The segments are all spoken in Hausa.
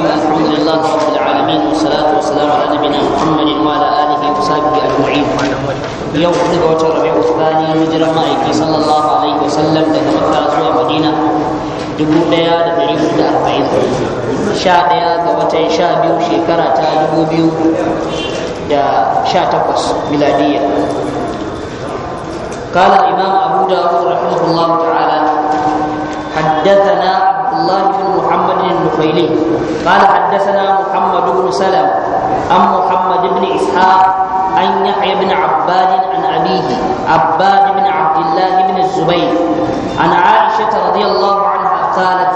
الرحيم الحمد لله رب العالمين والصلاة والسلام على نبينا محمد وعلى آله وصحبه أجمعين يوم خطبة ربيع الثاني هجرة مائكي صلى الله عليه وسلم لك مكة زوى مدينة dubu ɗaya da ɗari hudu da arba'in sha ɗaya ga watan sha biyu shekara ta dubu biyu da sha takwas miladiyya قال الإمام أبو داود رحمه الله تعالى حدثنا عبد الله بن محمد النخيلي قال حدثنا محمد بن سلم عن محمد بن إسحاق عن يحيى بن عباد عن أبيه عباد بن عبد الله بن الزبير عن عائشة رضي الله عنها قالت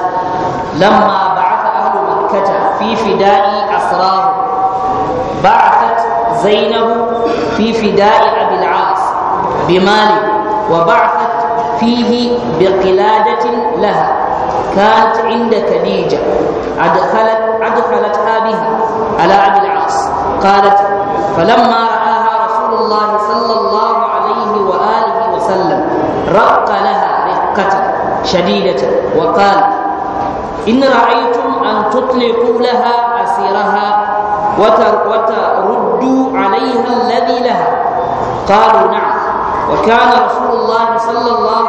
لما بعث أهل مكة في فداء أسرار بعثت زينب في فداء أبي العاص بمال وبعثت فيه بقلادة لها كانت عند خديجة أدخلت أدخلتها بها على أبي العاص قالت فلما رآها رسول الله صلى الله عليه وآله وسلم رق لها رقة شديدة وقال إن رأيتم أن تطلقوا لها أسيرها وتردوا عليها الذي لها قالوا نعم وكان رسول الله صلى الله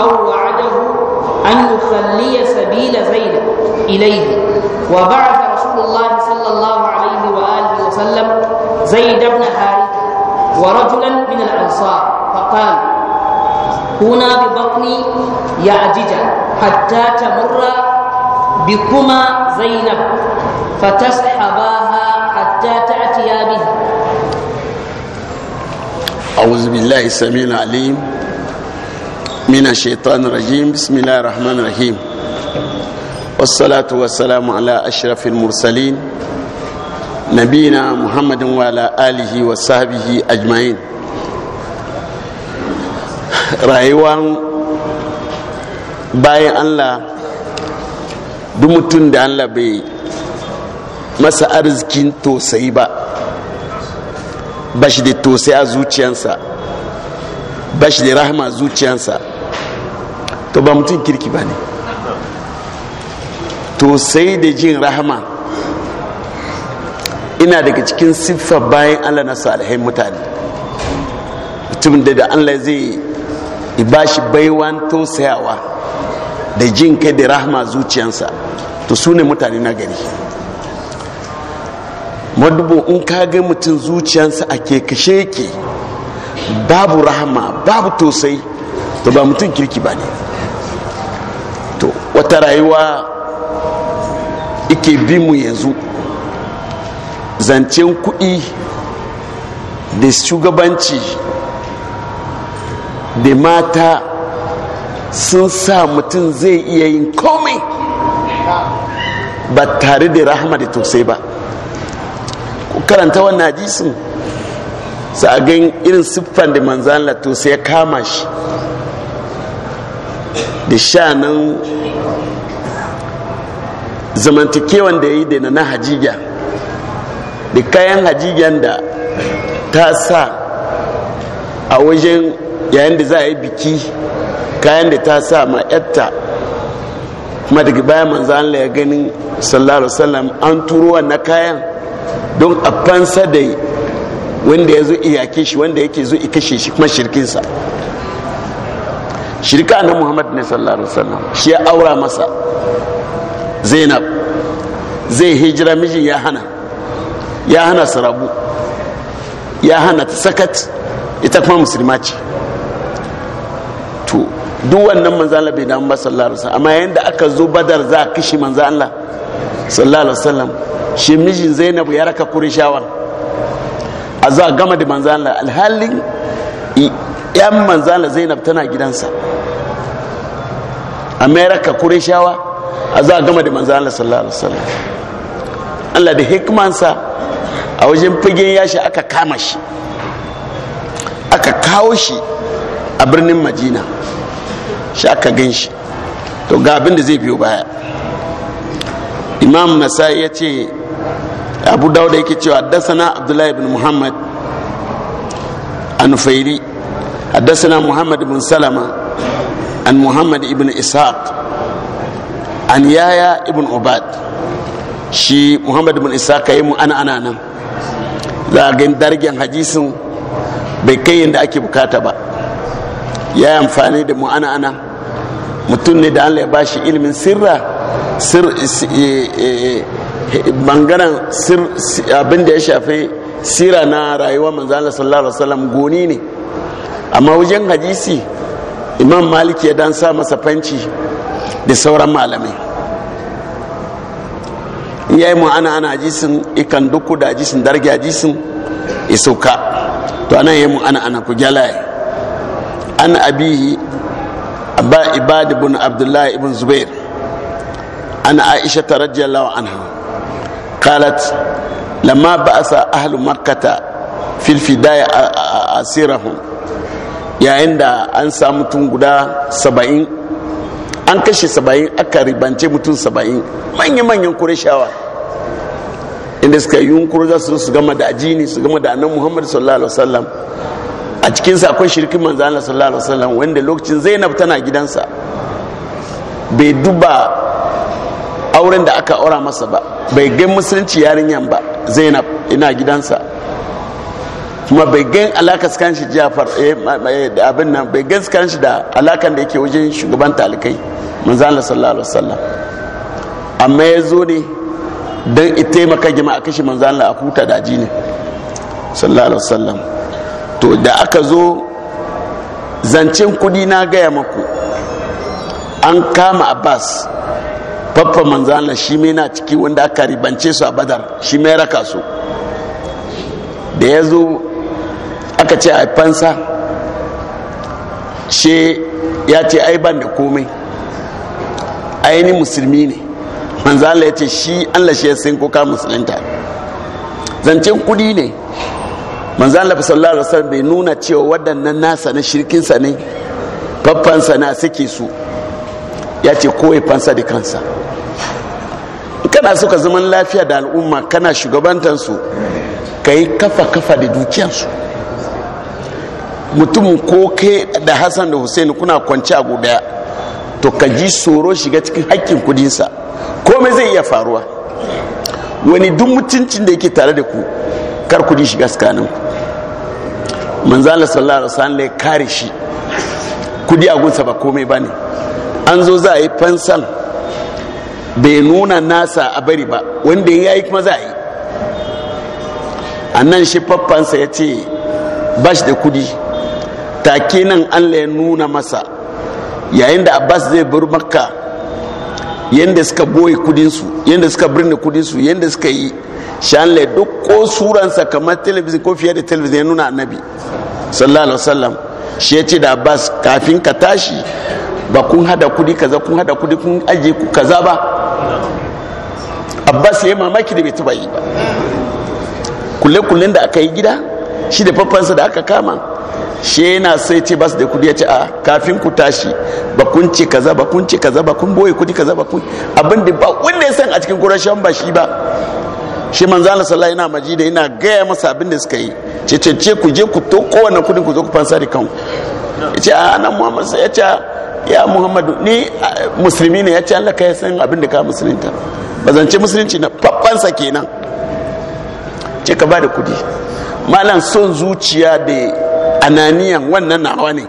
أو وعده أن يخلي سبيل زيد إليه وبعث رسول الله صلى الله عليه وآله وسلم زيد بن حارثة ورجلا من الأنصار فقال هنا ببطن يعجج حتى تمر بكما زينب فتسحباها حتى تأتيا به أعوذ بالله السميع العليم من الشيطان الرجيم بسم الله الرحمن الرحيم والصلاة والسلام على أشرف المرسلين نبينا محمد وعلى آله وصحبه أجمعين rayuwan bayan Allah duk mutum da Allah bai masa arzikin tosai ba bashi da tosai a zuciyansa bashi da rahama zuciyansa to ba mutum kirki ba ne to sai da jin rahama ina daga cikin siffa bayan allah na salihai mutane mutum da da allah zai bashi baiwan tausayawa da jin kai da rahama zuciyansa to su ne mutane na gari madubu in ka ga mutum zuciyansa a ke kashe ke babu rahama babu tosai to ba mutum kirki ba ne wata rayuwa ike bi mu yanzu zancen kuɗi da shugabanci da mata sun sa mutum zai iya yin komai ba tare da rahama da tosai ba ku karanta wannan hadisin sa a gan irin siffan da manzan latosai ya kama shi da sha nan zamantakewan da ya yi daina na hajiya da kayan hajiyan da ta sa a wajen yayin da za a yi biki kayan da ta sa ma yatta kuma daga baya manzo Allah ya ganin sallallahu alaihi wasallam an turo na kayan don a fansa da wanda ya zo iyake shi wanda yake zo kashe shi kuma shirkinsa shirka na muhammad ne sallallahu alaihi wasallam shi ya aura masa zainab zai hijira mijin ya hana ya hana su rabu ya hana ta sakat ita kuma musulma ce to duk wannan manzan Allah da amma sallallahu alaihi wasallam amma yanda aka zo badar za a kishi manzan Allah sallallahu alaihi wasallam shi mijin zainab ya raka shawar a za a gama da manzan Allah alhalin yan manzan Allah zainab tana gidansa amma ya raka kurishawa a za a gama da manzan Allah sallallahu alaihi wasallam Allah da hikmansa a wajen fagen yashi aka kama shi aka kawo shi a birnin Madina shi aka gan shi to ga abin da zai biyo baya imam nasai ya ce abu dawud yake cewa dasana abdullahi ibn muhammad anufairi dasana muhammad ibn salama an muhammad ibn إسحاق an yaya ibn ubad shi muhammad ibn isa ka yi mu ana ana nan za a gani hadisin bai kai yadda ake bukata ba ya yi amfani da mu ana ana mutum ne da allah ya bashi shi ilimin sirra sir bangaren sir abin da ya shafi sira na rayuwa manzo Allah sallallahu alaihi wasallam goni ne amma wajen hadisi imam maliki ya dan sa masa fanci da sauran malamai yayi mu ana ana jisin ikan duku da jisin darga jisin isuka to ana yi mu ana ana ku gyalaye an abihi abba ibad ibn Abdullahi ibn zubair an aisha radiyallahu anha qalat sa بعث أهل مكة a الفداية yayin da an samu tun guda saba'in. an kashe saba'in aka ribance mutum saba'in manya-manyan kureshawa inda suka yi yunkuru za su su gama da ajini su gama da annan muhammad sallallahu alaihi wasallam a cikinsa akwai shirkin manzo Allah sallallahu alaihi wasallam wanda lokacin zainab tana gidansa bai duba auren da aka aura masa ba bai ga musulunci yarinyan ba zainab ina gidansa kuma bai alaka kan shi jafar eh, eh, abin nan bai gan kan shi da alakan da yake wajen shugaban talikai manzan Allah sallallahu alaihi wasallam amma ya zo ne don ita gima jama'a kashi manzan Allah a huta daji ne sallallahu alaihi wasallam to da aka zo zancen kudi na gaya maku an kama abbas faffa manzana shi mai na ciki wanda aka ribance su a badar shi mai raka su da ya zo aka ce a fansa she ya ce ai ban da komai ainihin musulmi ne manzala ya ce shi allah shi ya sin kuka musulunta zancen kudi ne manzala fi sallallahu alaihi bai nuna cewa waɗannan nasa na shirkinsa ne fafansa na suke su ya ce kowai fansa da kansa kana suka zaman lafiya da al'umma kana shugabantansu ka yi kafa kafa da dukiyansu mutum ko kai da hassan da hussein kuna kwanci a guda to ka ji tsoro shiga cikin hakkin kudinsa komai zai iya faruwa wani duk mutuncin da yake tare da ku kar kudi shiga tsakanin ku manzala sallallahu alaihi ya kare shi kudi a gunsa ba komai ne an zo za a yi fansal bai nuna nasa a bari ba wanda ya yi kuma za a yi a nan shi faffansa ya ce ba shi da kudi take nan allah ya nuna masa yayin da abbas zai bar makka yadda suka boye kudinsu yadda suka birni kudinsu yadda suka yi shanle duk ko suransa kamar telebijin ko fiye da telebijin ya nuna annabi sallallahu alaihi wasallam shi ya ce da abbas kafin ka tashi ba kun hada kudi kaza kun hada kudi kun aje ku kaza ba abbas ya yi mamaki da bai taba yi ba kulle-kullen da aka yi gida shi da fafansa da aka kama shi yana sai ce basu da kudi ya ce a kafin ku tashi ba kun kaza ba kun ce kaza ba kun boye kudi kaza ba kun abin da ba wanda ya san a cikin kurashen ba shi ba shi manzo Allah sallallahu yana maji da yana gaya masa abin da suka yi ce ce ce ku je ku to kowanne kudin ku zo ku fansa da kanku ya ce a nan Muhammad sai ya ce ya Muhammadu ni musulmi ne ya ce Allah kai san abin da ka musulunta bazance musulunci na babbansa kenan ce ka ba da kudi malam son zuciya da ananiyan wannan nawa ne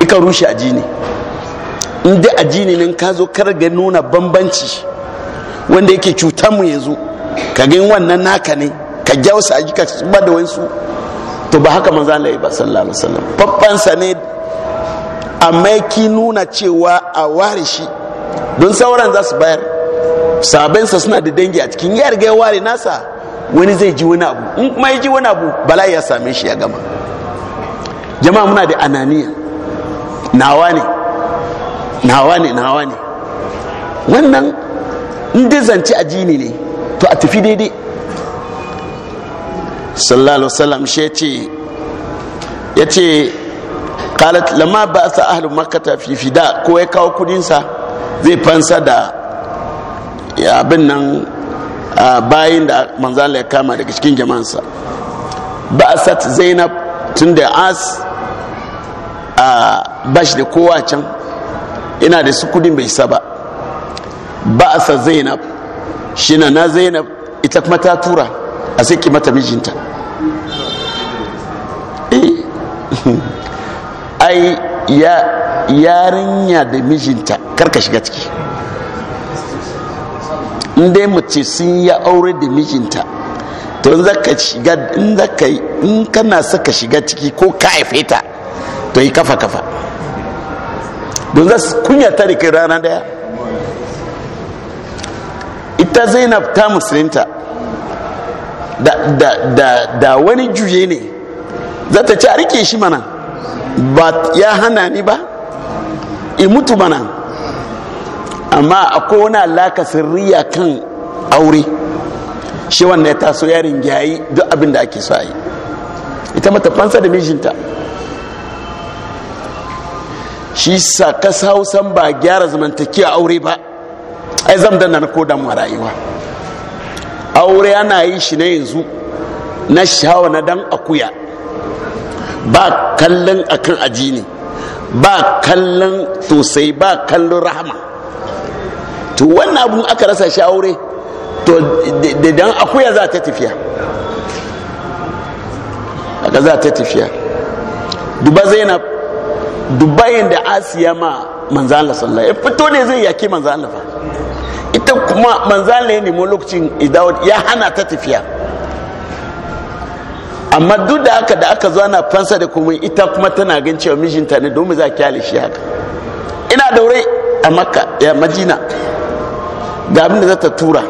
ika rushe aji ne inda aji ne nan ka zo karga nuna bambanci wanda yake cutar mu yanzu ka gani wannan naka ne ka gyausa aji ka ba da wansu to ba haka manzo Allah ba sallallahu alaihi wasallam babban sa ne amma ki nuna cewa a ware shi don sauran za su bayar sabensa suna da dangi a cikin ya riga ya ware nasa wani zai ji wani abu in kuma ya ji wani abu bala ya same shi ya gama jama'a muna da ananiya nawa ne nawa ne nawa ne wannan in dai zance a jini ne to a tafi daidai sallallahu alaihi wasallam shi ce ya ce qalat lamma ba'atha ahlu makkah fi fida ko ya kawo kudin sa zai fansa da abin nan bayin da manzo ya kama daga cikin jama'ansa ba'asat zainab tun da as a bashi da kowa can ina da su kudin bai isa ba ba sa zainab shi na na zainab ita kuma ta tura a sai mata mijinta eh. ai ya yarinya da mijinta karka shiga ciki inda mace sun ya aure da mijinta to in za ka shiga in za ka yi in kana saka shiga ciki ko ka haife ta to yi kafa kafa don za su kunya ta da rana daya ita zainab ta musulinta da, wani juye ne za ta ci a rike shi mana ba ya hana ni ba in mutu mana amma akwai wani alaka sirriya kan aure shi wannan ya taso yarin gyayi duk abin da ake so a yi ita mata fansa da mijinta shi sa kasa hausan ba gyara zamantakewa aure ba ai zam da nan ko damu rayuwa aure ana yi shi na yanzu na shawa na dan akuya ba kallon akan ne ba kallon tosai ba kallon rahama to wannan abun aka rasa shi aure to da dan akuya za ta tafiya aka za ta tafiya duba zainab dubayin da asiya ma manzo sallallahu ya fito ne zai yaki manzan Allah fa ita kuma manzan ya nemo lokacin idawar ya hana ta tafiya amma duk da aka da aka zana fansa da kuma ita kuma tana gan cewa mijinta ne domin za kyale shi haka ina daure a makka ya majina ga abin da za ta tura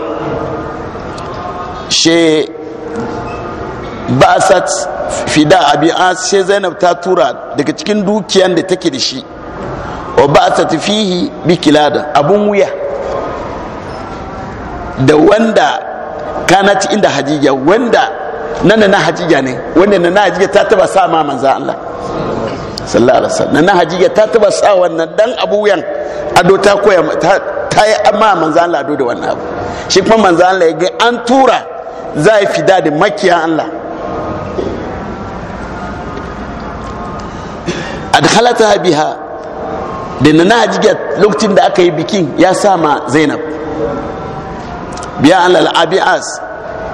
she basat fida abi sai zainab ta tura daga cikin dukiyan da take da shi wa ba ta tafihi bi kilada abun wuya da wanda ci inda hajiya wanda nana na hajiya ne wanda na hajiya ta taba sa ma manzo Allah sallallahu alaihi wasallam na hajiya ta taba sa wannan dan abu wuyan ado ta koya ta yi amma manzo Allah ado da wannan abu shi kuma manzo Allah ya ga an tura za a fida da makiyan Allah adkhalata biha da na hajiya lokacin da aka yi bikin ya sama zainab biya an lalabi as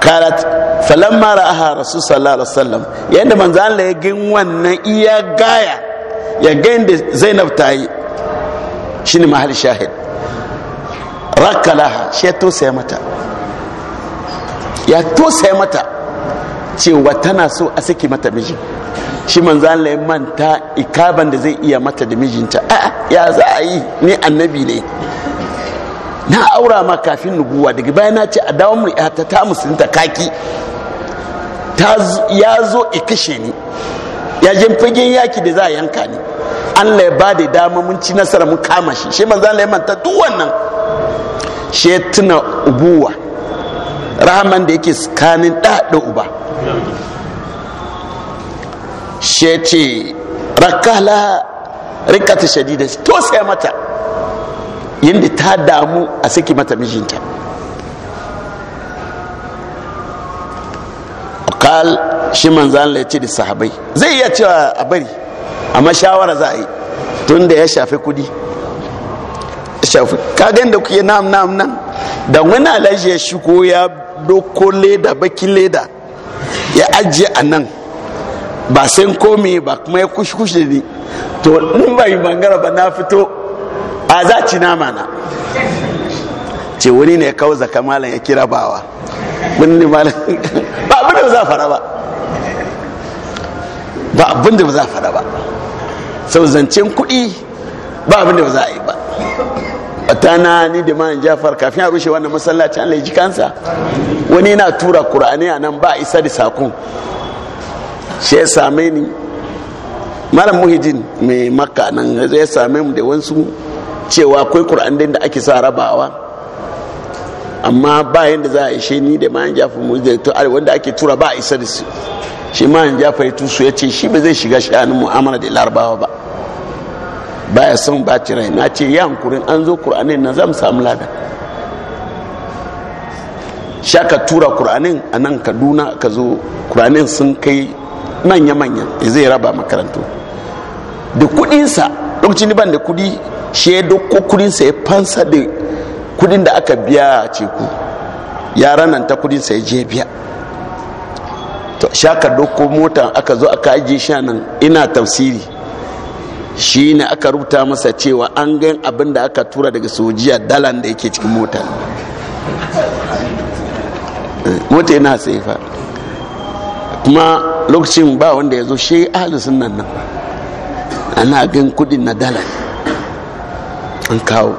karat falon falamma ra'aha rasul sallallahu alaihi wasallam yanda manzo Allah ya gin wannan iya gaya ya ga da zainab ta yi shi ne mahal shahid rakalaha shi ya tosaya mata ya tosaya mata cewa tana so a saki mata miji shi manzo ya manta ikaban da zai iya mata da mijinta a ya za a yi ni annabi ne na aura ma kafin nubuwa daga bayan na ce a dawo mu ta ta musulunta kaki ya zo i kashe ni ya jin fagen yaki da za a yanka ni Allah ya da dama mun ci nasara mun kama shi shi manzo Allah ya manta duk wannan shi tuna ubuwa rahaman da yake tsakanin da da uba she ce rakala rikata shadida to sai mata yadda ta damu a saki mata mijinta kal shi manzan ya ce da sahabai zai iya cewa a bari amma shawara za a yi tun da ya shafi kudi shafi kagan da kuke nam nam nan da wani alaji ya shigo ya doko leda baki leda ya ajiye a nan ba sai komi ba kuma ya da ni to in ba yi bangara ba na fito a za ci nama na ce wani ne kawo zaka malam ya kira bawa wani malam ba abin da za fara ba ba abin da za fara ba sau zancen kuɗi ba abin da za a yi ba tana ni da man jafar kafin a rushe wannan masallacin allah ji kansa wani yana tura qur'ani a nan ba isa da sako shi ya same ni malam muhijin mai makka nan ya same mu da wasu cewa akwai kur'an da ake sa rabawa amma ba yanda za a ishe ni da man jafar mu da to wanda ake tura ba a isa da su shi man jafar ya tusu ya ce shi ba zai shiga sha'anin mu'amala da larabawa ba baya son baci rai na ce ya hankurin an zo kur'anin na zan samu lada sha ka tura kur'anin a nan kaduna ka zo kur'anin sun kai manya-manya da zai raba makarantu da kudinsa lokacin ban da kudi shi ya doko kudinsa ya fansa da kudin da aka biya a ceku ya nan ta kudinsa ya je biya to sha ka doko mota aka zo aka ajiye shi nan ina tafsiri shi ne aka rubuta masa cewa an gan abin da aka tura daga sojiya dalan da yake cikin mota eh, mota yana saifa kuma lokacin ba wanda ya zo shi ahalisun nan nan ana gan kudin na dalan an kawo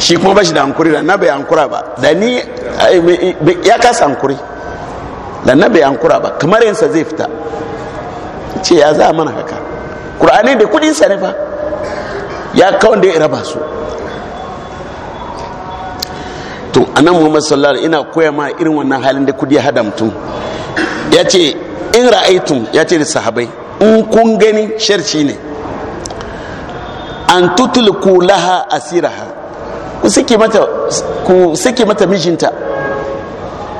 shi kuma ba shi da hankuri da na bai hankura ba da ni ya kasa hankuri da na bai hankura ba kamar yansa zai fita ce ya za mana haka kur'ani da kudin sa ne fa ya kawon da ya raba su to anan muhammad sallallahu ina koya ma irin wannan halin da kudi ya hada mutum ya ce in ra'aitun ya ce da sahabai in kun gani sharci ne an tutulku laha asiraha ku suke mata ku saki mata mijinta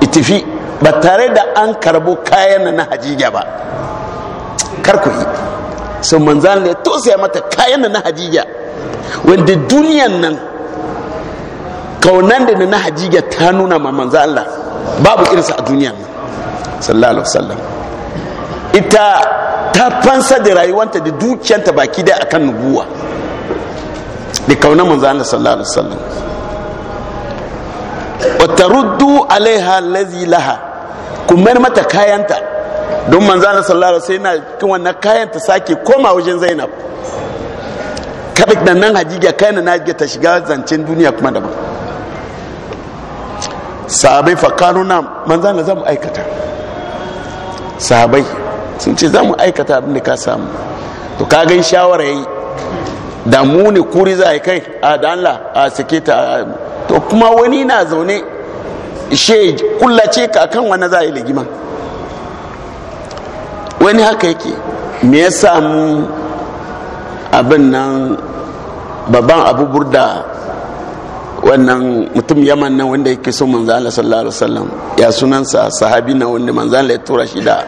itifi ba tare da an karbo kayan na hajiya ba kar yi sun manzan ya tosaya mata kayan na hadiya wanda duniyan nan kaunan da na hadiya ta nuna ma manzan Allah babu irinsa a duniyan nan sallallahu alaihi wasallam ita ta fansa da rayuwanta da dukiyanta baki da akan nubuwa da kaunan manzan Allah sallallahu alaihi wasallam wa taruddu alaiha allazi laha kumar mata kayanta don manzana sallara sai na kan wannan kayan ta sake koma wajen zainab kada da nan hajjiga kayan na ta shiga zancen duniya kuma da daban sahabai fakano na manzana za mu aikata sahabai sun ce za mu aikata abin da ka samu to ka gan shawara yi da mu ne kuri za a yi kai a da Allah a sake ta to kuma wani na zaune shi kullace ka kan wani za a yi ligima wani haka yake me ya samu abin nan babban abu burda wannan mutum yaman nan wanda yake so manzan Allah sallallahu alaihi wasallam ya sunansa sahabi na wanda manzan Allah ya tura shi da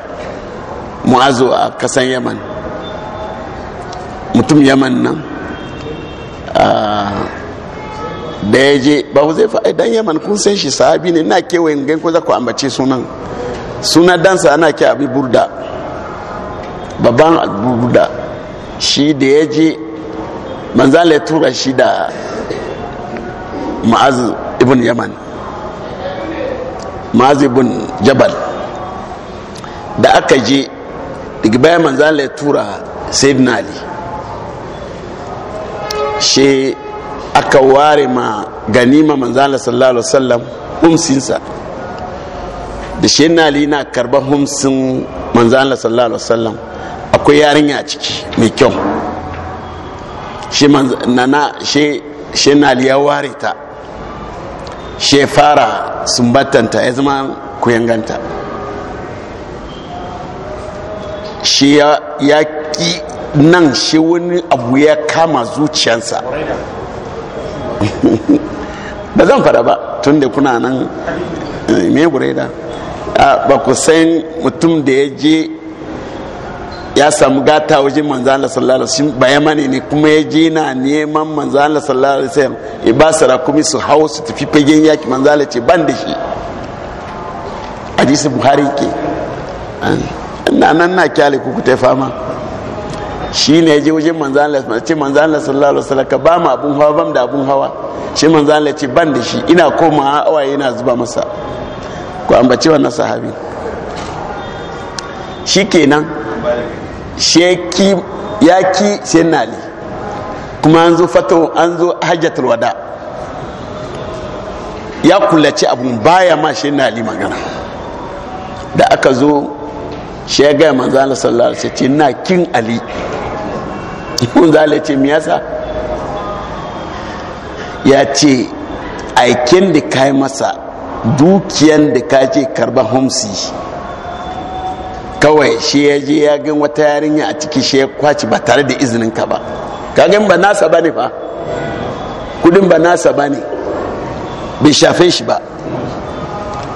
mu'azu a kasan yaman mutum yaman nan da ya je ba ku zai fa dan yaman kun san shi sahabi ne ina kewayen gan ko za ku ambace sunan suna dansa ana ke abi burda babban abubuwa shi da ya je manzala ya tura shi da ma'az ibn yaman ma'az ibn jabal da aka je daga bayan manzala ya tura sayyidina ali shi aka ware ma ganima manzala sallallahu alaihi wasallam humsinsa da shi na karba humsin manzo Allah sallallahu alaihi wasallam akwai yarinya a ciki mai kyau shi nana shi shi ya ware ta shi fara sumbatanta ya zama kuyanganta shi ya ki nan shi wani abu ya kama zuciyarsa ba zan fara ba tun da kuna nan eh, mai buraida ba ku san mutum da ya je ya samu gata wajen manzan Allah sallallahu alaihi wasallam ba yamani ne kuma ya je na neman manzan Allah sallallahu alaihi wasallam ya ba su rakumi su hau su tafi fagen yaki manzan Allah ce ban da shi hadisi buhari ke ina nan na kyale ku ta fama shi ne ya je wajen manzan Allah ce Allah sallallahu alaihi wasallam ka ba mu abun hawa bam da abun hawa shi manzan Allah ce ban da shi ina koma awaye ina zuba masa ku ambaci wannan sahabi shi kenan sheki ya ki sinali kuma an zo fato an zo hajjatar wada ya kulaci abun baya ma sinali magana da aka zo shi ya gaya manzo Allah sallallahu alaihi wasallam na kin ali za Allah ce me yasa ya ce aikin da kai masa dukiyan da ka ce karba homsi kawai shi ya je ya gan wata yarinya a ciki shi ya kwaci ba tare da izinin ka ba kagan ba nasa ba ne fa kudin ba nasa ba ne bai shafe shi ba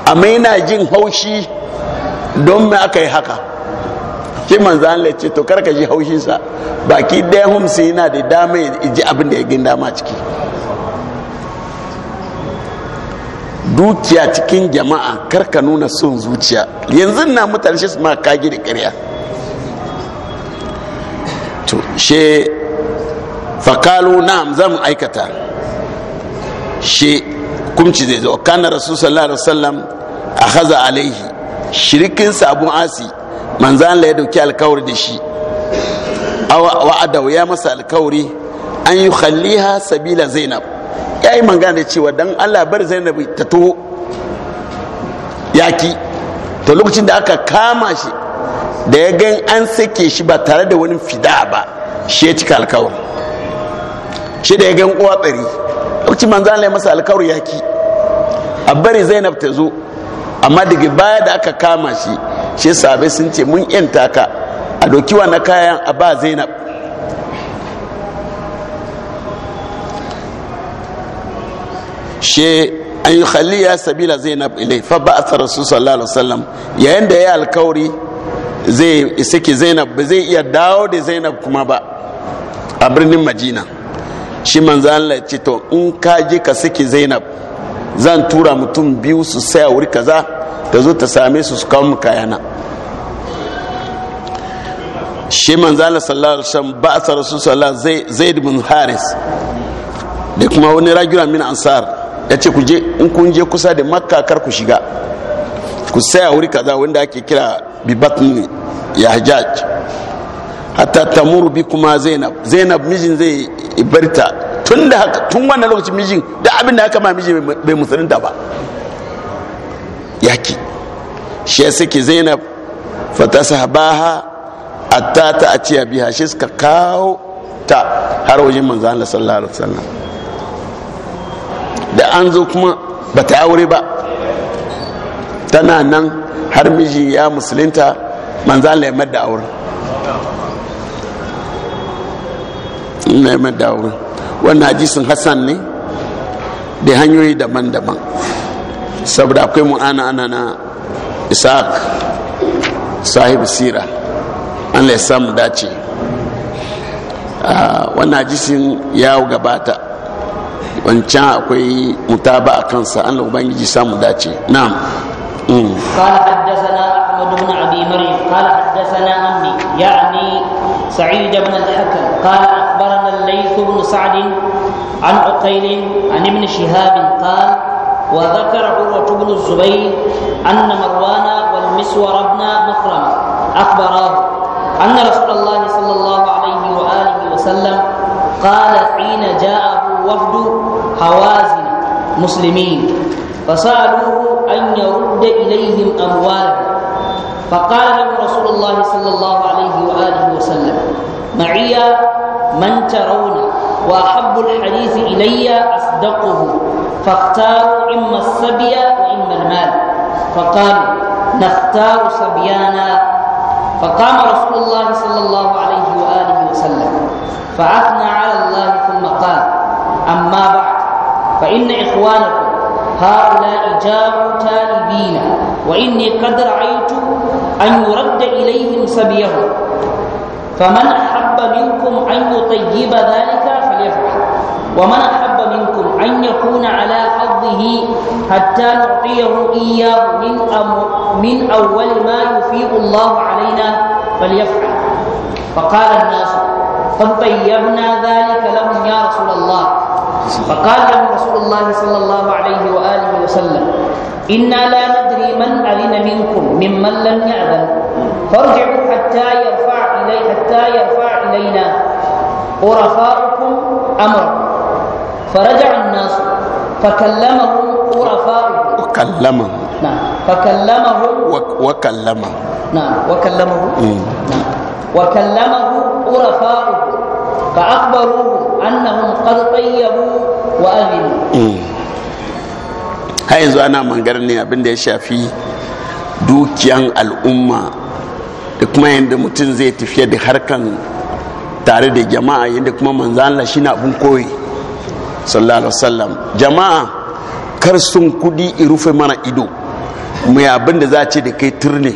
amma yana jin haushi don me aka yi haka shi manzan an ce to karka ji haushinsa baki ɗaya homsi yana da dama ya ji abin da ya gin dama ciki dukiya cikin jama'a kar ka nuna son zuciya yanzu na mutane shi su ma kage da ƙarya to she fakalu na'am zan aikata she kumci zai zo kana rasu sallallahu alaihi wasallam haza alaihi shirikin sabon asi manzan la ya dauki alkawari da shi wa'ada ya masa alkawari an yi khalliha sabila zainab ya yi mangana da cewa dan allah bar zainabi ta taho yaki to lokacin da aka kama shi da ya gan an sake shi ba tare da wani fida ba shi ya cika alkawar shi da ya gan uwa tsari lokacin manzo allah ya masa alkawar yaki a bari zainab ta zo amma daga baya da aka kama shi shi sabai sun ce mun yanta ka a doki na kayan a ba zainab she an yi khaliya sabila zainab ilai fa ba a rasul sallallahu alaihi wasallam yayin da ya alkawari zai isiki zainab ba zai iya dawo da zainab kuma ba a birnin majina shi manzo Allah ya ce to in ka je ka siki zainab zan tura mutum biyu su saya wuri kaza ta zo ta same su su kawo mu kayana shi manzo Allah sallallahu alaihi wasallam ba a rasul sallallahu zai zaid bin haris da kuma wani rajula min ansar ya ce ku je in kun je kusa da makka kar ku shiga ku saya wuri kaza wanda ake kira ne ya hajjaj hatta tamuru bi kuma zainab zainab mijin zai ibarta tun da haka tun wannan lokacin mijin da abin da haka ma mijin bai musulunta ba yaki shi ya sake zainab fata sahabaha a ta ta a ciya biya shi suka kawo ta har wajen manzana Allah sallallahu alaihi wasallam da an zo kuma ba ta aure ba tana nan har miji ya musulinta manzan laimar da aure laimar da aure wannan hadisin hassan ne da hanyoyi daban-daban saboda akwai mu'ana ana na isaac sahib sira an ya samu dace ah, wannan hadisin ya gabata wancan akwai mutaba a kansa an ubangiji samu dace na'am قال حدثنا احمد بن ابي مريم قال حدثنا عمي يعني سعيد بن الحكم قال اخبرنا الليث بن سعد عن عقيل عن ابن شهاب قال وذكر عروه بن الزبير ان مروان والمسور بن مخرم اخبراه ان رسول الله صلى الله عليه واله وسلم قال حين جاء وفد هوازن مسلمين فسألوه أن يرد إليهم أموالهم فقال له رسول الله صلى الله عليه وآله وسلم معي من ترون وأحب الحديث إلي أصدقه فاختاروا إما السبي وإما المال فقال نختار سبيانا فقام رسول الله صلى الله عليه وآله وسلم فأثنى أما بعد فإن إخوانكم هؤلاء جاءوا تائبين وإني قد رأيت أن يرد إليهم سبيهم فمن أحب منكم أن يطيب ذلك فليفعل ومن أحب منكم أن يكون على حظه حتى نعطيه إياه من, من أول ما يفيض الله علينا فليفعل فقال الناس قد طيبنا ذلك لهم يا رسول الله فقال له رسول الله صلى الله عليه وآله وسلم إنا لا ندري من أذن منكم ممن لم يأذن فارجعوا حتى يرفع إلي حتى يرفع إلينا عرفاؤكم أمر فرجع الناس فكلمهم عرفاؤهم وكلمهم نعم فكلمه وكلمه نعم وكلمه إيه. نعم وكلمه عرفاؤهم fa wa har yanzu ana mangar ne abin ya shafi dukiyan al'umma da kuma yadda mutum zai tafiya da harkan tare da jama'a yadda kuma manzan shi na abin koyi sallallahu alaihi wasallam jama'a kar sun kudi i rufe mana ido mai abin da za ce da kai turne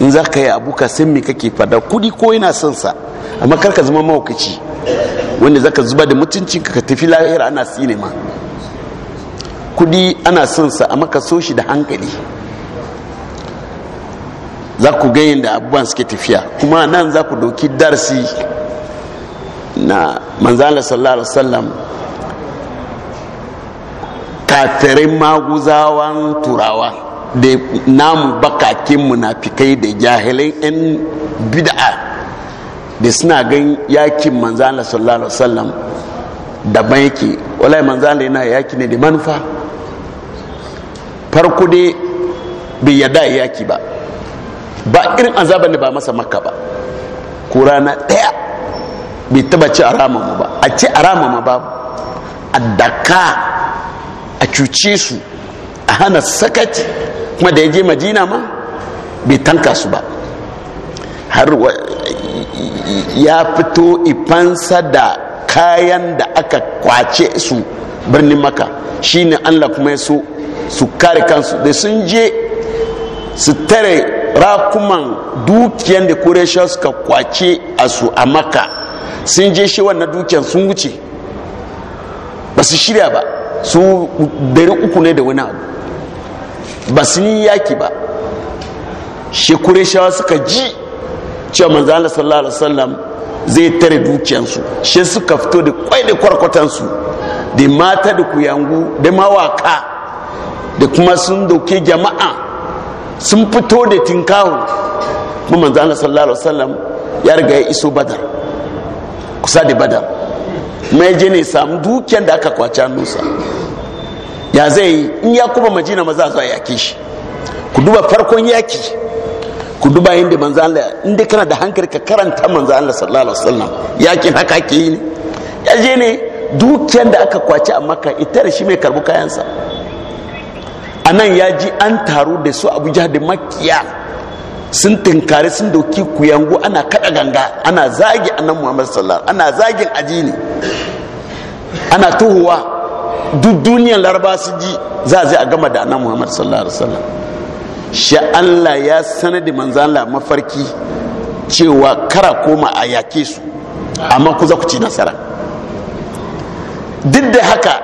in za ka yi abu ka san me kake fada kudi ko yana son amma karka zama mawukaci wanda zaka zuba da mutuncin ka tafi lahira ana sinima kudi ana son sa amma ka so shi da hankali za ku ga yadda abubuwan suke tafiya kuma nan za ku doki darsi na manzana sallallahu alaihi wasallam kafirin maguzawan turawa da namu bakakin munafikai da jahilin 'yan bid'a da suna gan yakin manzana sallallahu alaihi wasallam daban yake wallahi manzo yana yaki ne da manufa farko dai bai yada yaki ba ba irin azaban da ba masa makka ba ko rana daya bai taba ci arama ba a ci arama mu ba a daka a cuce su a hana sakaci kuma da ya je madina ma bai tanka su ba har ya fito ifansa da kayan da aka kwace su birnin maka shine allah kuma ya so su kare kansu da sun je su tare rakuman dukiyan da koresha suka kwace a su a maka sun je shi wannan dukiyan sun wuce ba su shirya ba su dari uku ne da wani abu ba su yi yaki ba shi kureshawa suka ji cewa manzo Allah sallallahu alaihi wasallam zai tare su shi suka fito da kwai da kwarkwatan su da mata da kuyangu da mawaka da kuma sun doke jama'a sun fito da tinkawo kuma manzo Allah sallallahu alaihi wasallam ya riga ya iso badar kusa da badar mai je ne samu dukiyar da aka kwace nusa? ya zai in ya kuma majina maza zuwa yake shi ku duba farkon yaki ku duba yadda manzo Allah inda kana da hankali ka karanta manzo Allah sallallahu alaihi wasallam yakin haka ke yi ne yaje ne dukiyar da aka kwace a Makka, ita da shi mai karbu kayansa Anan nan ya ji an taru da su abuja da makkiya sun tinkari sun doki kuyangu ana kada ganga ana zagi anan muhammad sallallahu ana zagin ajini ana tuhuwa duk duniyar laraba su ji za a gama da anan muhammad sallallahu alaihi wasallam shi Allah ya sanar da manzala mafarki cewa kara koma a yake su amma ku za ku ci nasara duk da haka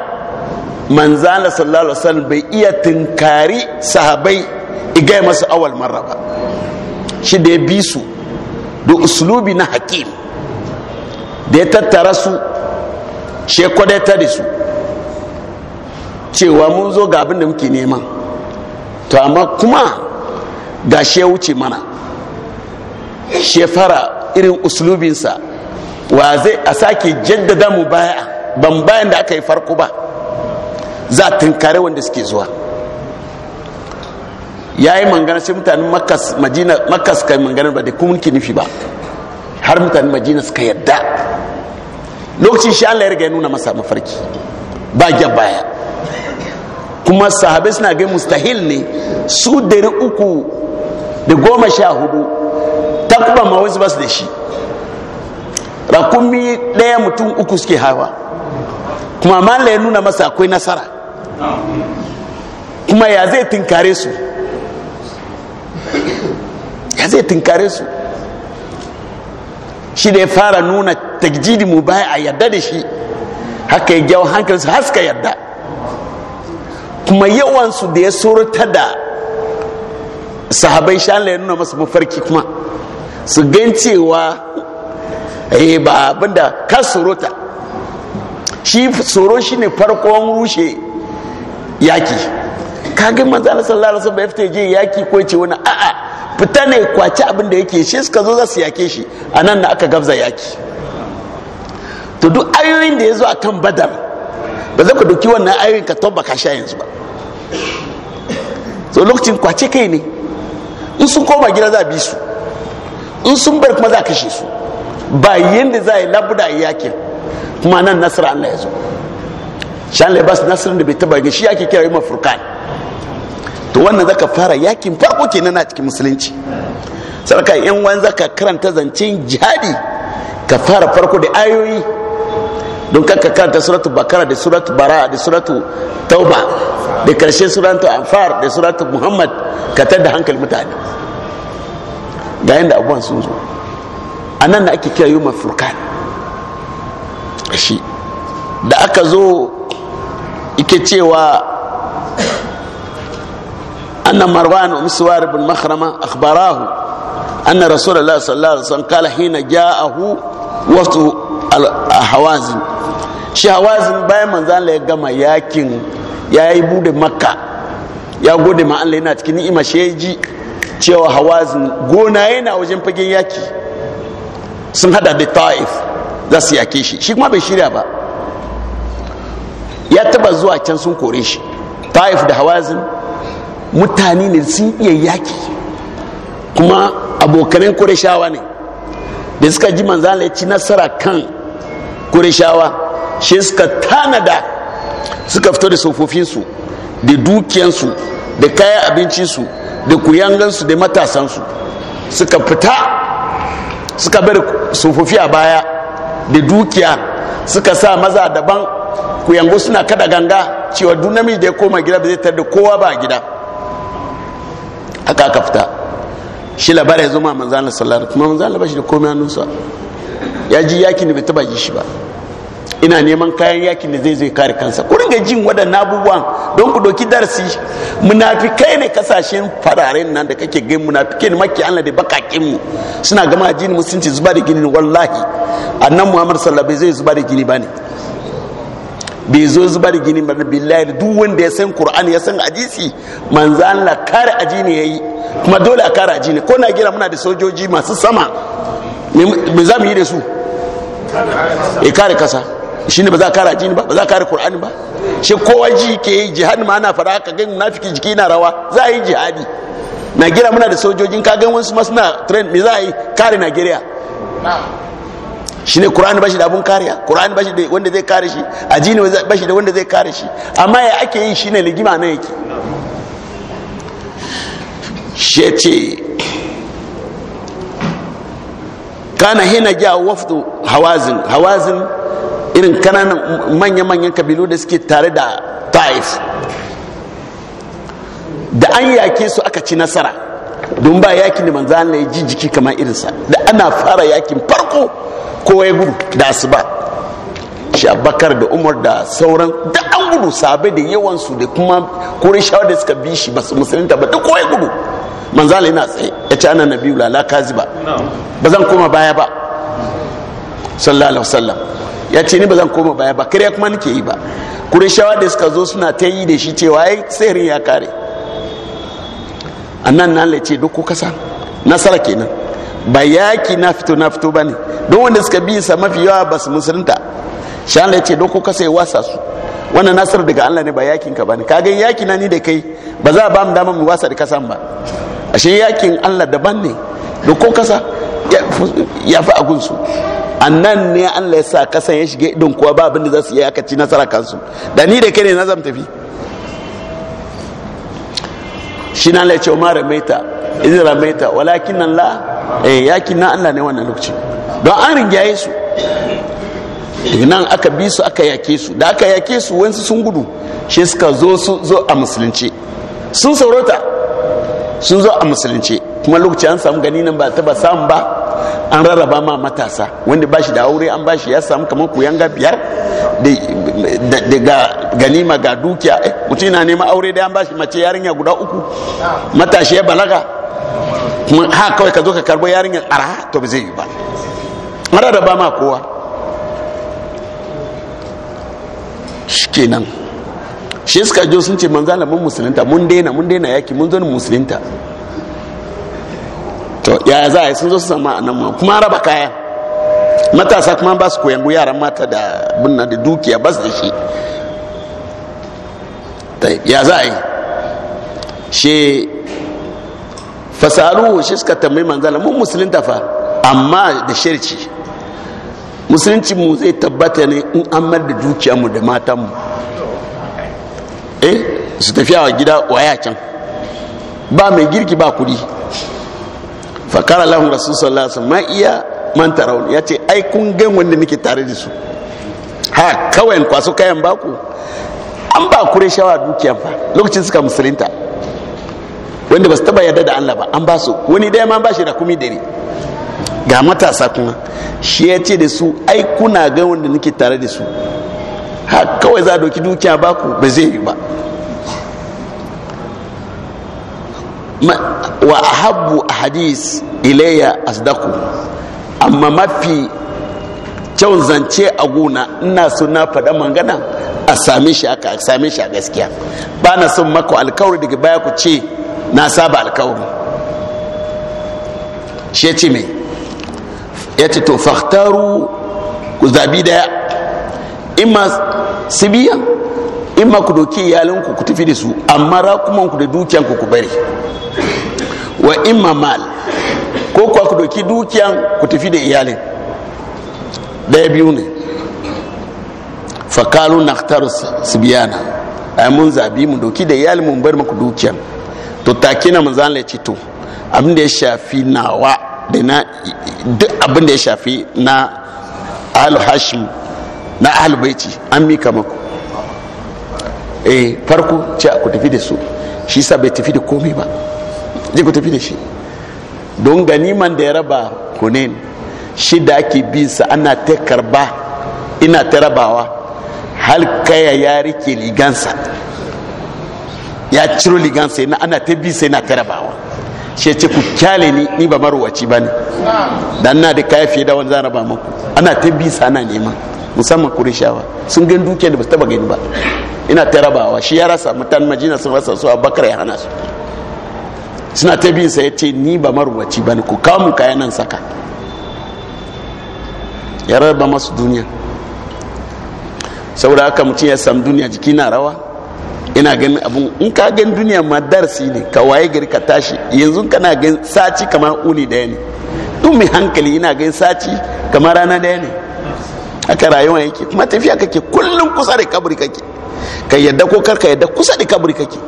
manzala sallallahu alaihi wasallam bai iya tunkari sahabai igai masu awal marra ba shi da ya bi su da uslubi na hakim da ya tattara su shekwadata da su cewa mun zo ga abin da muke neman to amma kuma ga shi ya wuce mana shi fara irin uslubinsa wa zai a sake jaddada mu baya ban bayan da aka yi farko ba za a tunkare wanda suke zuwa ya yi mangana sai mutanen makka suka yi mangana ba da kuma ki nufi ba har mutanen majina suka yadda lokacin shi allah ya riga ya nuna masa mafarki ba gyan baya kuma sahabai suna ga mustahil ne su dari uku da goma sha hudu takwa ma wasu basu da shi rakumi ɗaya mutum uku suke hawa kuma mala ya nuna masa akwai nasara kuma ya zai tinkare su ya zai tinkare su shi da ya fara nuna tajjidi mu baya a yadda da shi haka ya gyawo hankalinsu haska yadda kuma yawansu da ya surta da sahabai sha Allah ya nuna masu mafarki kuma su gan cewa eh, ba abinda ka surta shi tsoro shi ne farkon rushe yaki kagin manzana sallallahu ba wasallam fita je yaki ko ce wani a'a fita ne kwaci abin da yake shi suka zo za su yake shi a nan na aka gabza yaki to duk ayoyin da ya zo a kan badar ba za ka doki wannan ayoyin ka tabba ka sha yanzu ba so lokacin kwace kai ne in sun koma gida za a bi su in sun bar kuma za a kashe su ba yadda za a yi labuda a yakin kuma nan nasara allah ya zo shi allah ya ba su nasarar da bai taba ga shi yake kira yi mafurkan to wannan zaka fara yakin farko na a cikin musulunci sarka yan wan ka karanta zancen jihadi ka fara farko da ayoyi don kanka karanta suratu bakara da suratu bara da suratu tauba da karshe suratu anfar da suratu muhammad ka da hankali mutane ga yadda abubuwan sun zo a nan da ake kira yuma furkan shi da aka zo ike cewa anna marwan ibn akhbarahu anna rasulullah sallallahu alaihi wasallam hina ja'ahu al-hawazin shi hawazin bayan manzo Allah ya gama yakin ya yi bude makka ya gode ma Allah yana cikin ni'ima shi ya ji cewa hawazin gona yana wajen fagen yaki sun hada da ta'if za su yake shi shi kuma bai shirya ba ya taba zuwa can sun kore shi ta'if da hawazin mutane ne sun iya yaki kuma abokanen shawa ne da suka ji manzala ya ci nasara kan kureshawa shi suka tanada suka fito da tsofaffinsu da dukiyansu da kayan abincinsu da kuyangansu da matasansu suka fita suka bar tsofaffi a baya da dukiya suka sa maza daban kuyangu suna kada ganga cewa dunami da ya koma gida ba zai tar da kowa ba gida haka aka fita shi labarai zuma zo ma manzana sallar kuma manzana ba shi da komai hannunsa ya ji yakin da bai taba ji shi ba ina neman kayan yakin da zai zai kare kansa ku ringa jin waɗannan abubuwan don ku doki darasi munafikai ne kasashen fararen nan da kake gani munafikai ne maki Allah da bakakin mu suna gama jini musulunci zuba da gini wallahi annan Muhammad sallallahu alaihi zai zuba da gini bane bai zo zuba da gini ba billahi duk wanda ya san Qur'ani ya san hadisi manzo Allah kare addini yayi kuma dole a kare ne ko na gina muna da sojoji masu sama me za mu yi da su ya kare kasa shi ne ba za a kara jini ba ba za a kara kur'ani ba shi kowa ji ke yi jihadi ma ana fara haka gan munafiki jiki na rawa za a yi jihadi nigeria muna da sojojin ka gan wasu masu na trend me za a yi kare nigeria shi ne kur'ani bashi da abun kariya kur'ani bashi da wanda zai kare shi ajini bashi da wanda zai kare shi amma ya ake yi shi ne ligima na yake shi ce kana hina ja wafdu hawazin hawazin irin kananan manya-manyan kabilu da suke tare da taif da an yake su aka ci nasara don ba yakin da manzan na ji jiki kamar irinsa da ana fara yakin farko kowa ya gudu da asuba shi abakar da umar da sauran da an gudu sabai da yawansu da kuma Kori shawar da suka bi shi basu musulunta ba duk kowa ya gudu manzo yana tsaye ya ce ana nabiyyu la kaziba ba zan koma baya ba sallallahu alaihi ya ce ni ba zan koma baya ba kare kuma nake yi ba kurishawa da suka zo suna ta yi da shi cewa ai sihirin ya kare annan nan ce duk kasa nasara kenan ba yaki na fito na fito ba ne don wanda suka bi sa mafi yawa ba su musulunta sha Allah ce duk kasa ya wasa su wannan nasar daga Allah ne ba yakin ka bane kaga yaki na ni da kai ba za a ba mu dama mu wasa da kasan ba ashe yakin Allah daban ne duk kasa ya fi agunsu annan ne Allah ya sa kasan ya shige idon kuwa ba abin da za su yi aka ci nasara kansu da ni da ke ne na zan tafi shi na laice ma maita izra maita walakin nan la eh yakin na Allah ne wannan lokaci don an ringaye su nan aka bi su aka yake su da aka yake su wansu sun gudu shi suka zo su zo a musulunci sun saurota sun zo a musulunci kuma lokaci an samu gani nan ba ta ba samu ba an rarraba ma matasa wanda ba shi da aure an ba shi ya samu kamar ga biyar daga ganima ga dukiya eh mutum na neman aure da an ba shi mace yarinya guda uku matashi ya balaga kuma ha kawai ka zo ka karbo yarinyar ara to ba zai yi ba an rarraba ma kowa shikenan shi suka jo sun ce manzana mun musulunta mun daina mun daina yaki mun zo musulunta to yaya za a yi sun zo su sama a nan ma kuma raba kaya matasa kuma ba su koyan yaran mata da binna da dukiya ba su da shi ya za a yi shi fasalu shi suka tambayi manzala mun musulun fa amma da shirci musulunci mu zai tabbata ne in an mar da mu da matanmu eh su tafiya wa gida waya can ba mai girki ba kuɗi fakara lahu rasul sallallahu ma iya man tarawun ya ce ai kun ga wanda nake tare da su ha kawai in kwaso kayan baku an ba kure shawa dukiyan fa lokacin suka musulunta wanda ba su taba yarda da Allah ba an ba su wani dai ma ba shi da kumi dare ga matasa kuma shi ya ce da su ai kuna ga wanda nake tare da su ha kawai za doki dukiya baku ba zai yi ba wa a hadis ilayya asdaku amma mafi kyau zance a gona ina so na faɗa mangana a same shi aka same shi a gaskiya ba na son mako alkawari daga baya ku ce na saba alkawari shi ya ce mai ya ce to fahtaru ku zabi daya ma sibiyan in ma ku doki iyalanku ku tafi da su amma rakuman ku da dukiyan ku ku bari wa in ma mal ko kuwa ku doki dukiyan ku tafi da iyalin daya biyu ne fakalu ai mun zabi mu doki da iyalin mun bar maku dukiyan to take na to abin da ya shafi nawa da na duk abin da ya shafi na ahlu hashim na ahlu baiti an mika maku eh farko ce ku tafi da su shi sa bai tafi da komai ba je ku tafi da shi don ganiman da ya raba kunin shi da ake sa ana ta karba ina ta rabawa har kaya ya rike ligansa ya ciro ligansa ina ana ta sa ina ta rabawa shi ce ku kyale ni ni ba marwaci ba ne dan na da kaya fiye da wani zan raba muku ana ta sa ana neman musamman kurishawa sun gan duke da basu taba gani ba ina tarabawa shi ya rasa mutan majina sun rasa su bakar ya hana su suna ta bin sa ce ni ba marubaci ba ne ku kamu kayan nan saka ya raba masu duniya saboda haka mutum ya sam duniya jiki na rawa ina gani abun in ka gan duniya ma darsi ne ka waye gari ka tashi yanzu kana gan saci kamar uli daya ne duk mai hankali ina gan saci kamar rana daya ne haka rayuwa yake kuma tafiya kake kullum kusa da kabri kake ka yadda ko karka yadda kusa da kabri kake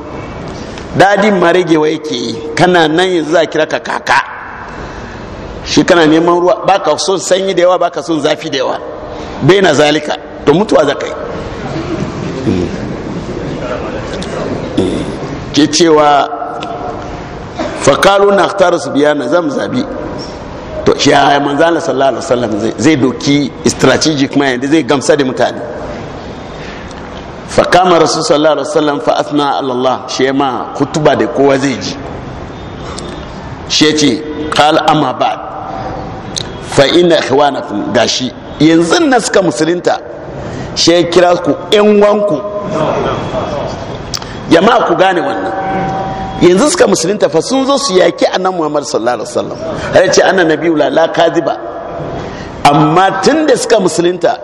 dadin maregewa yake yi kana nan yanzu za kira ka kaka shi kana neman ruwa baka son sanyi da yawa baka son zafi da yawa bai na zalika to mutuwa za kai hmm. hmm. ke cewa fakalu na su biya na zam zabi ya manzo Allah sallallahu alaihi wasallam zai doki strategic ma zai gamsa da mutane fa kama rasul sallallahu alaihi wasallam fa athna Allah shi ma kutuba da kowa zai ji shi yace qal amma ba'd fa inna ikhwanakum gashi yanzu nan suka musulunta shi kira ku yan wanku jama'a ku gane wannan yanzu suka musulunta fa sun zo su yaki annabi Muhammad sallallahu alaihi wasallam har ce ana nabiyu la la kadiba amma tun da suka musulunta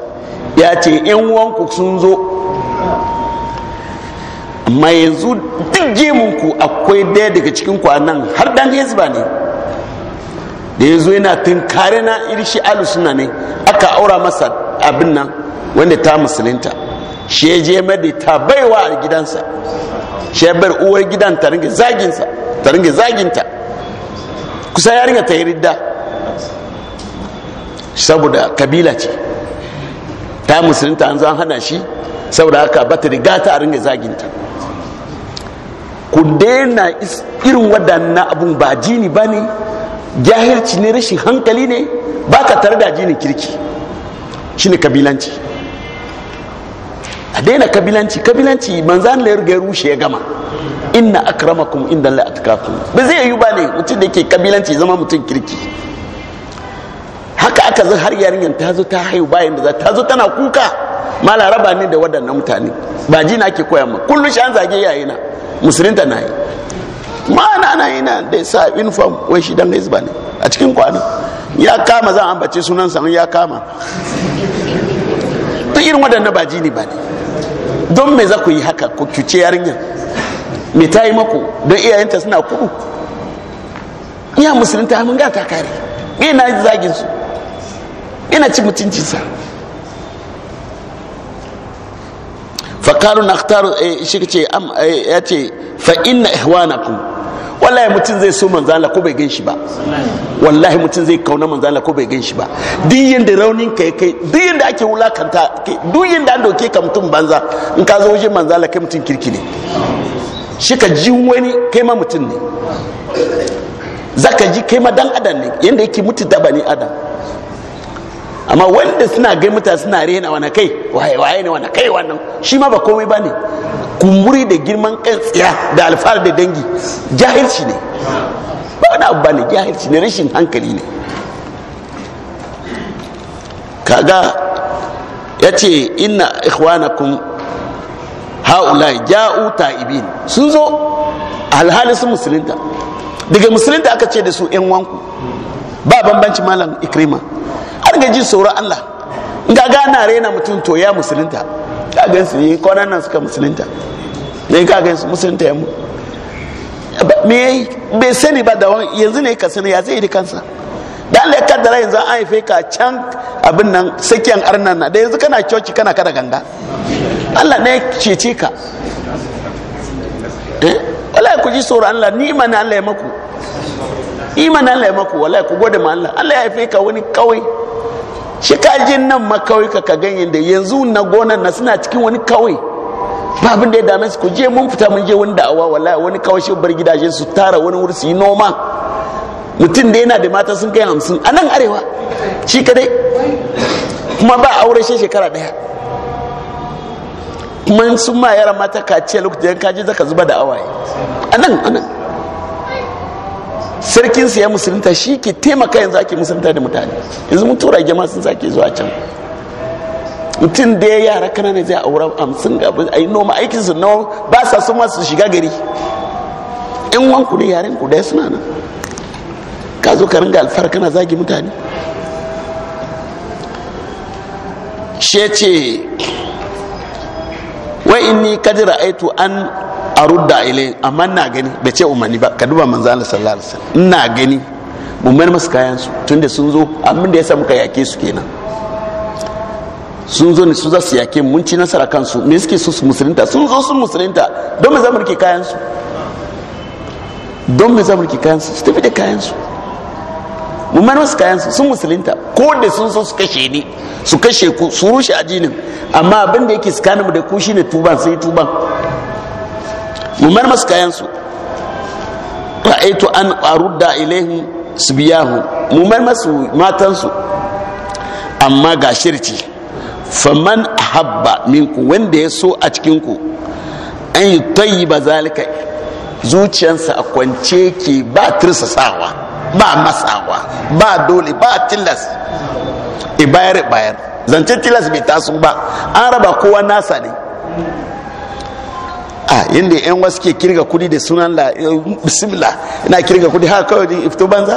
ya ce yan uwanku sun zo amma yanzu duk gemunku akwai daya daga cikin ku nan har dan hezba ne da ya zo yana tunkare na irishi alu suna ne aka aura masa abin nan wanda ta musulunta shi ya je ta baiwa a gidansa shi ya uwar gidan ta ringa zaginsa ta ringa zaginta kusa ya ringa ta yi ridda saboda kabila ce ta musulunta an zan hana shi saboda haka ba ta riga ta a ringa zaginta ku daina irin waɗannan abun ba jini ba ne jahilci ne rashin hankali ne ba ka tare da jinin kirki shine kabilanci a daina kabilanci kabilanci manzan layar ga rushe ya gama inna akramakum inda la atkakum ba zai yi ba ne mutum da yake kabilanci zama mutum kirki haka aka zan har yarinyar ta zo ta haihu bayan da za ta zo tana kuka ma laraba ne da waɗannan mutane ba ji na ke koya ma kullum shi an zage yayi na musulunta na yi ma na na yi na da sa uniform wai shi dan hizba ne a cikin kwanan ya kama zan ambace sunan sa ya kama ta irin waɗannan ba ji ne ba ne don me za ku yi haka ku cuce yarinya me ta yi mako don iyayenta suna kudu iya musulunta mun ga ta kare ina zagin su ina ci mutuncin sa fakaru na aktaru eh, shi ce eh, ya ce fa inna ihwanakum wallahi mutum zai so manzo Allah ko bai gan shi ba wallahi mutum zai kauna manzo Allah ko bai gan shi ba duk yanda raunin kai kai duk yanda ake wulakanta duk yanda an doke ka mutum banza in ka zo wajen manzo Allah kai mutum kirki ne shi ka ji wani kai ma mutum ne zaka ji kai ma dan adam ne yanda yake mutu da bani adam amma wanda suna gai mutane suna rena wani kai waye waye ne wani kai wannan shi ma ba komai ba ne kumburi da girman kan tsiya da alfahar da dangi jahilci ne ba na abu ba ne jahilci ne rashin hankali ne kaga ya ce ina ikhwanakum haula ja'u ta'ibin sun zo alhali sun musulunta daga musulunta aka ce da su yan wanku ba bambanci malam ikrima ga ji tsoron allah in ga gana rena mutum to ya musulunta ka gan su ne eh, kwanan nan suka musulunta ne eh, ka gan su musulunta ya mu me yi bai sani ba da yanzu ne ka sani ya zai yi kansa da Allah ya kaddara yanzu an haife ka can abin nan sakiyan arnan na da yanzu kana coci kana kada ganga Allah ne cece ka eh wallahi ku ji tsoron Allah ni imanin Allah ya maku imanin Allah ya maku wallahi ku gode ma Allah Allah ya haife ka wani kawai shi ka je nan ma kawai ka ka ganyen da yanzu na gonan na suna cikin wani kawai ba abin da ya dame su ku je mun fita mun je wani da'awa wallahi wani kawai shi bar gidajen su tara wani wuri su yi noma mutum da yana da mata sun kai hamsin a nan arewa shi kadai kuma ba aure shi shekara daya kuma sun ma yara mata kaciya lokacin kaji zaka zuba da awaye a nan a nan sarkinsa ya musulunta shi ke taimaka yanzu ake musulunta da mutane yanzu mun tura gama sun sake zuwa can mutum da ya yara kanana zai aura hamsin gabin a yi noma aikin su nawa ba sa su masu shiga gari in wanku ne yaren ku daya suna nan ka zo ka ringa alfar kana zagi mutane she ce wa'in ni kadira aitu an a rudda ilai amma na gani bai ce umarni ba ka duba manzo Allah sallallahu alaihi wasallam ina gani mun mayar masu kayan su tunda sun zo abin da yasa muka yake su kenan sun zo ne su za su yake mun ci nasara kansu me suke su musulunta sun zo sun musulunta don me zamurki rike kayan su don me zamurki rike kayan su su tafi da kayan su mun mayar masu kayan su sun musulunta ko da sun zo su kashe ni su kashe ku su rushe ajinin amma abin da yake tsakaninmu da ku shine tuban sai tuban mu mar masu kayansu ra'aitu an arudda ilaihim sibiyahu mu mar masu matansu amma ga shirci faman habba minku wanda ya so a cikinku an yi tayi ba zalika zuciyansa a kwance ke ba tirsasawa ba masawa ba dole ba tilas e bayar bayar zance tilas bai taso ba an raba kowa nasa ne a ah, yadda yan wasu ke kirga kudi da sunan la eh, bismillah ina kirga kudi haka kawai din ifto banza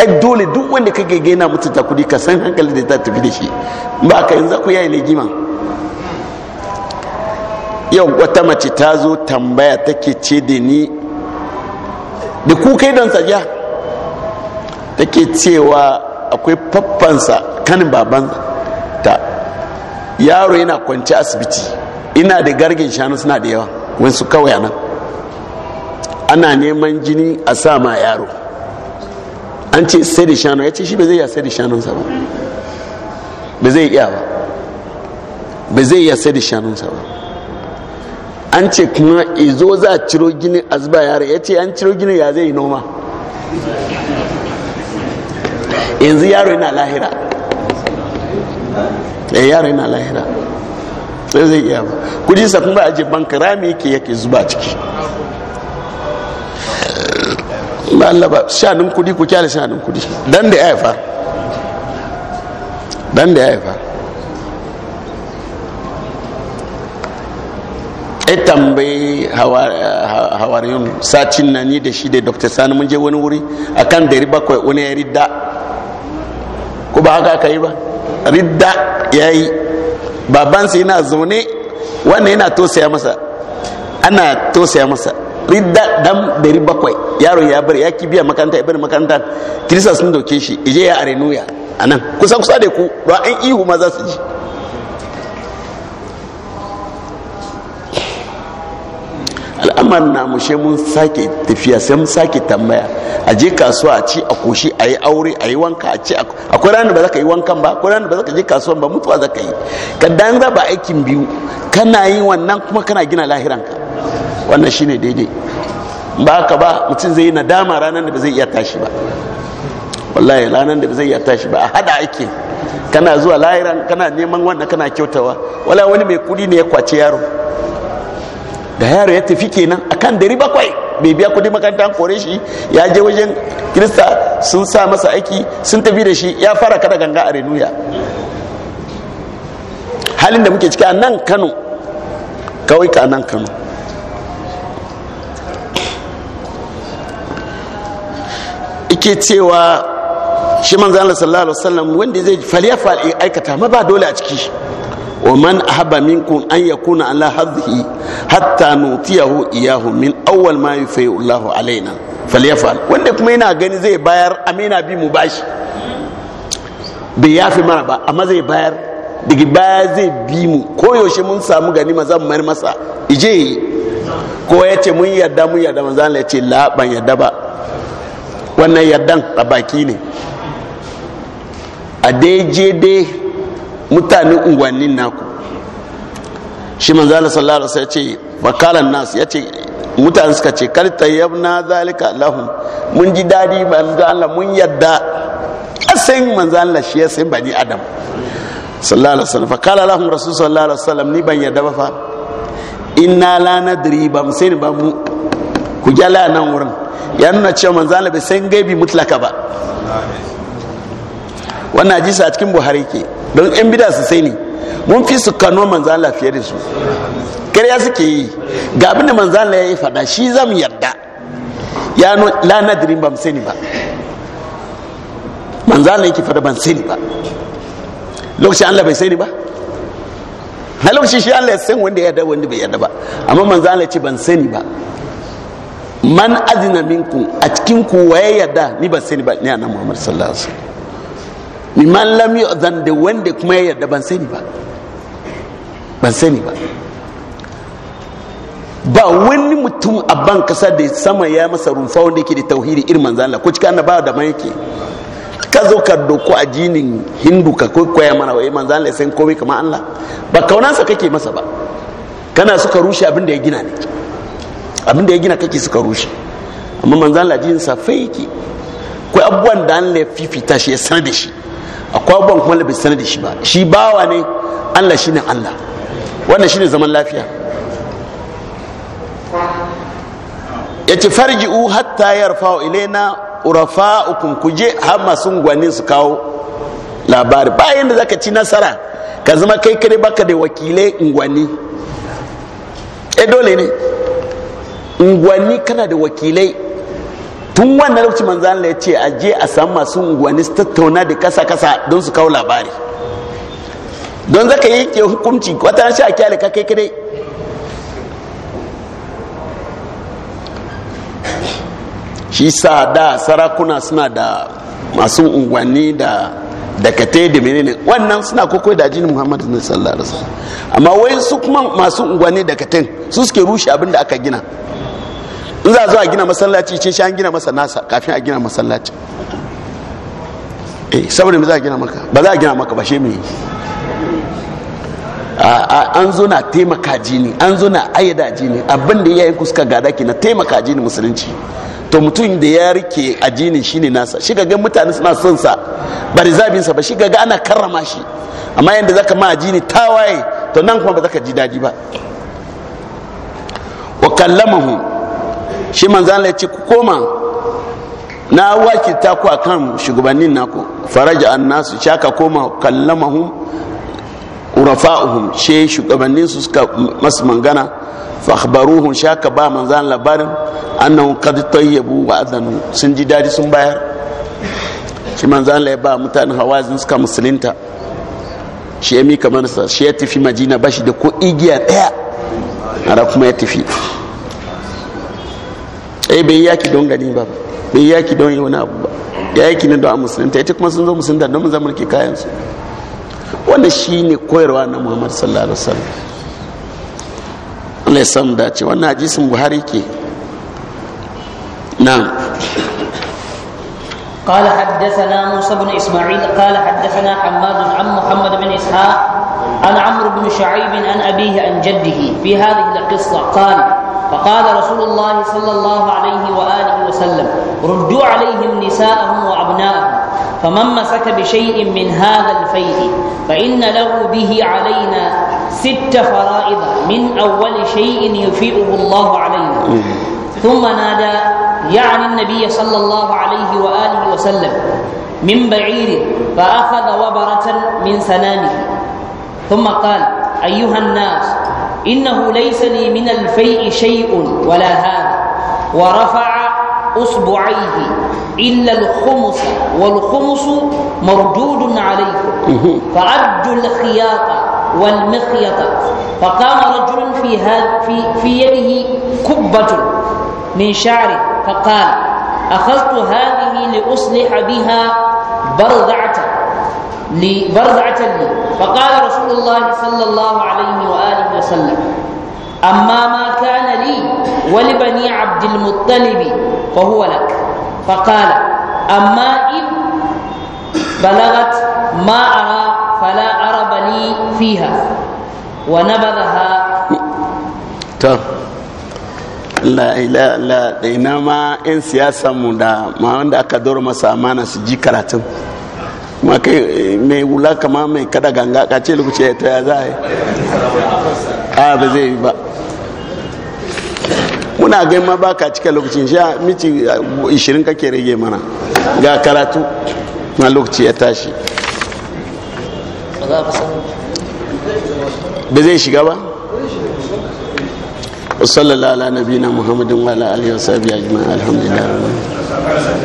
ai dole duk wanda ka gege na mutunta kudi ka san hankali da ta tafi da shi ba ka yanzu ku yayi legima yau wata mace ta zo tambaya take ce da ni da ku kai don ta take cewa akwai faffansa kanin baban ta yaro yana kwanci asibiti ina da gargin shanu suna da yawa su kawai nan ana neman jini a sa ma yaro an ce sai da shanu ya ce shi ba zai iya sai da shanunsa ba ba zai iya ba ba zai iya sai da shanunsa ba an ce kuma izo za a ciro gini a zuba yaro ya ce an ciro gini ya zai yi noma yanzu yaro yana lahira eh, yaro yana lahira sai zai iya ba kudi sa kuma aje banka rami yake yake zuba ciki ba Allah ba shanin kudi ku kyale shanin kudi dan da ya haifa dan da ya haifa ai tambayi hawariyun sacin na ni da shi da dr sani mun je wani wuri akan dari bakwai wani ya ridda ku ba haka aka yi ba ridda ya yi babansa yana zaune wannan yana tosaya masa ana tosaya masa ridda dam dari bakwai yaro ya bar ya ki biya makaranta ya bar makaranta kirista sun doke shi ije ya arenuya a nan kusa kusa da ku ba an ihu ma za su ji al'amarin namu shi mun sake tafiya sai mun sake tambaya a je kasuwa a ci a koshi a yi aure a yi wanka a ci akwai ranar ba za ka yi wankan ba akwai ranar ba za ka je kasuwa ba mutuwa za ka yi kaddan za ba aikin biyu kana yi wannan kuma kana gina lahiranka wannan shine daidai ba ka ba mutum zai yi nadama ranar da ba zai iya tashi ba wallahi ranar da ba zai iya tashi ba a hada aikin kana zuwa lahiran kana neman wannan kana kyautawa wala wani mai kudi ne ya kwace yaro da yaro ya tafi kenan a kan dari bakwai bai biya kudi makarantar kore shi ya je wajen kirista sun sa masa aiki sun tafi da shi ya fara kada ganga a renuya halin da muke ciki a nan kano kawai ka nan kano ike cewa shi manzan sallallahu alaihi wanda zai faliya fali aikata ma ba dole a ciki ومن أحب منكم أن يكون على هذه حتى نوتيه إياه من أول ما يفيء الله علينا فليفعل wanda kuma yana gani zai bayar amina bi mu bashi bai yafi mana ba amma zai bayar daga baya zai bi mu koyaushe mun samu gani ma zan mayar masa ije ko ya ce mun yarda mun yarda manzo Allah ya ce la ban yarda ba wannan yardan a baki ne a daidai mutane unguwannin naku shi manzo Allah sallallahu alaihi wasallam ya ce bakalan nas ya ce mutane suka ce kar tayyabna zalika lahum mun ji dadi manzo Allah mun yadda asin manzo Allah shi ya san bani adam sallallahu alaihi wasallam fakala lahum rasul sallallahu alaihi wasallam ni ban yadda ba fa inna la nadri ba mu sai ba mu ku jala nan wurin ya nuna cewa manzo Allah bai san gaibi mutlaka ba wannan hadisi a cikin buhari ke don yan bida su sai ne mun fi su kano manzan lafiya da su ƙarya suke yi ga abin da manzan la ya yi fada shi zam yarda ya no la nadirin sai sani ba manzan la yake fada ban sani ba lokacin Allah bai sani ba na lokacin shi Allah ya san wanda ya yarda wanda bai yarda ba amma manzan la ce ban sani ba man azina minkum a cikin ku waye yarda ni ban sani ba ni annabi Muhammad sallallahu alaihi wasallam liman lam yu'zan da wanda kuma ya yarda ban sani ba ban sani ba ba wani mutum a ban kasa da sama ya masa rumfa wanda yake da tauhiri irin manzan Allah ko cikin ba da man yake ka zo ka doko a jinin hindu ka koya mana wai eh, manzan Allah sai komai kamar Allah ba kaunansa kake masa ba kana suka rushe abin da ya gina ne abin da ya gina kake suka rushe amma manzan Allah jinin sa fai ko akwai abubuwan da Allah ya fifita shi ya sanar da shi akwai abubuwan kuma da bai sanar da shi ba shi bawa ne allah shine allah wannan shine zaman lafiya ya ce u hatta ya rufa wa ile na urafa je har masu gwanin su kawo labari bayan da zaka ci nasara ka zama kai kare baka da wakilai ungwani e eh, dole ne ungwani kana da wakilai tun wannan lokacin manzo Allah ya ce a je a samu masu unguwanni su tattauna da kasa kasa don su kawo labari don zaka ke hukunci wata shi a kyale ka kai kadai shi sa da sarakuna suna da masu unguwanni da dakate da menene wannan suna kokoi da ajinin muhammadu na sallallahu alaihi amma wai su kuma masu unguwanni dakatai su suke rushe abin da aka gina in za zuwa gina masallaci ce shi an gina masa nasa kafin a gina masallaci eh saboda me za a gina maka ba za a gina maka ba shi me an zo na taimaka jini an zo na ayyada jini abin da yayin ku suka gada ke na taimaka jini musulunci to mutum da ya rike a jini shine nasa shi ga mutane suna son sa ba rizabin sa ba shi ga ana karrama shi amma yanda zaka ma jini tawaye to nan kuma ba zaka ji daji ba wa kallamahu shi manzan Allah ya ce ku koma na wakilta ku kan shugabannin naku faraja shi shaka koma kallamahum urafa'uhum shi shugabannin su suka masu mangana shi shaka ba manzan labarin annahum qad tayyabu wa adanu sun ji dadi sun bayar shi manzan Allah ba mutanen hawazin suka musulunta shi ya mika manasa shi ya tafi majina bashi da ko igiya daya ara kuma ya tafi sai eh, bai yaki don gani ba bai yaki don yi wani abu ba ya yaki ne don musulunta ita kuma sun zo musulunta don zama mulki kayan su shi ne koyarwa na Muhammad sallallahu alaihi wasallam Allah ya samu dace wannan hadisin Buhari ke na'am قال حدثنا موسى بن اسماعيل قال حدثنا حماد عن محمد بن اسحاق عن عمرو بن شعيب عن ابيه عن جده في هذه القصه قال فقال رسول الله صلى الله عليه واله وسلم ردوا عليهم نساءهم وابناءهم فمن مسك بشيء من هذا الفيء فان له به علينا ست فرائض من اول شيء يفيئه الله علينا ثم نادى يعني النبي صلى الله عليه واله وسلم من بعير فاخذ وبره من سنامه ثم قال ايها الناس إنه ليس لي من الفيء شيء ولا هذا ورفع أصبعيه إلا الخمس والخمس مردود عليكم فعدوا الخياط والمخيط فقام رجل في, في, في يده كبة من شعر فقال أخذت هذه لأصلح بها برزعة لبرزعة لي فقال رسول الله صلى الله عليه وآله وسلم أما ما كان لي ولبني عبد المطلب فهو لك فقال أما إن بلغت ما أرى فلا أرى بني فيها ونبذها la ila la ina ma 'yan siyasanmu da ma wanda aka dora masa amana su ji karatun kuma kai mai wula kama mai kada ganga ka ce lokaci ya taya za a ba zai yi ba muna gai ma ba ka cika lokacin sha miti 20 kake rage mana ga karatu na lokaci ya tashi ba zai shiga ba wasu wasallallahu ala nabi na muhammadin wa ala alihi wa sahbihi ajma'in alhamdulillah